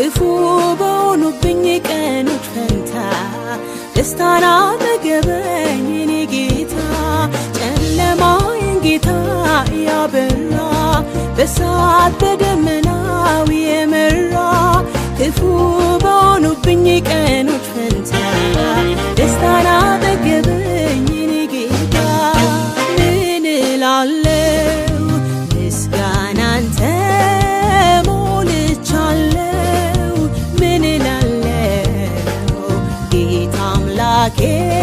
ክፉ በሆኑብኝ ቀኖች ፈንታ ደስታና መገበኝ እኔ ጌታ ጨለማዬን ጌታ ያበራ በሳት በደመናው የመራ ክፉ que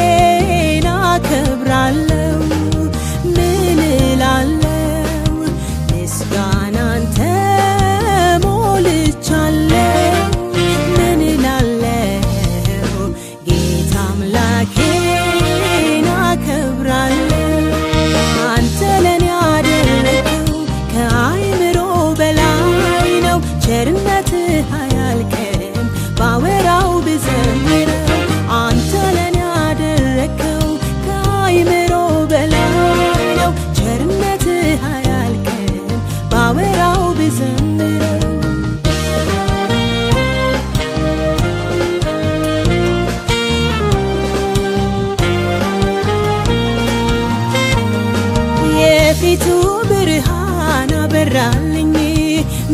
የፊቱ ብርሃን አበራልኝ፣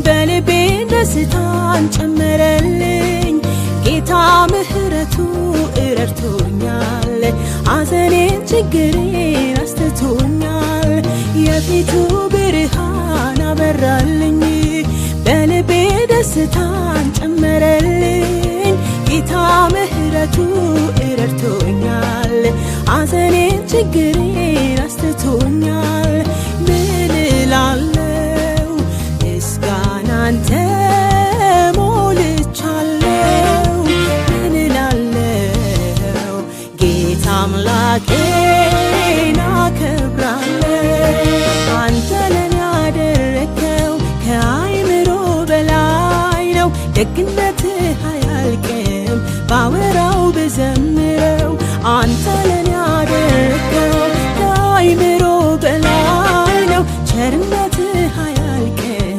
በልቤ ደስታን ጨመረልኝ። ጌታ ምሕረቱ እረድቶኛል፣ አዘኔን ችግሬን አስተቶኛል። የፊቱ ብርሃን አበራልኝ፣ በልቤ ደስታን ጨመረልኝ። ጌታ ምሕረቱ እረድቶኛል፣ አዘኔን ችግሬን አስተቶኛል። አምላኬን አከብራለሁ። አንተን ያደረከው ከአይምሮ በላይ ነው። ደግነትህ አያልቅም ባወራው በዘም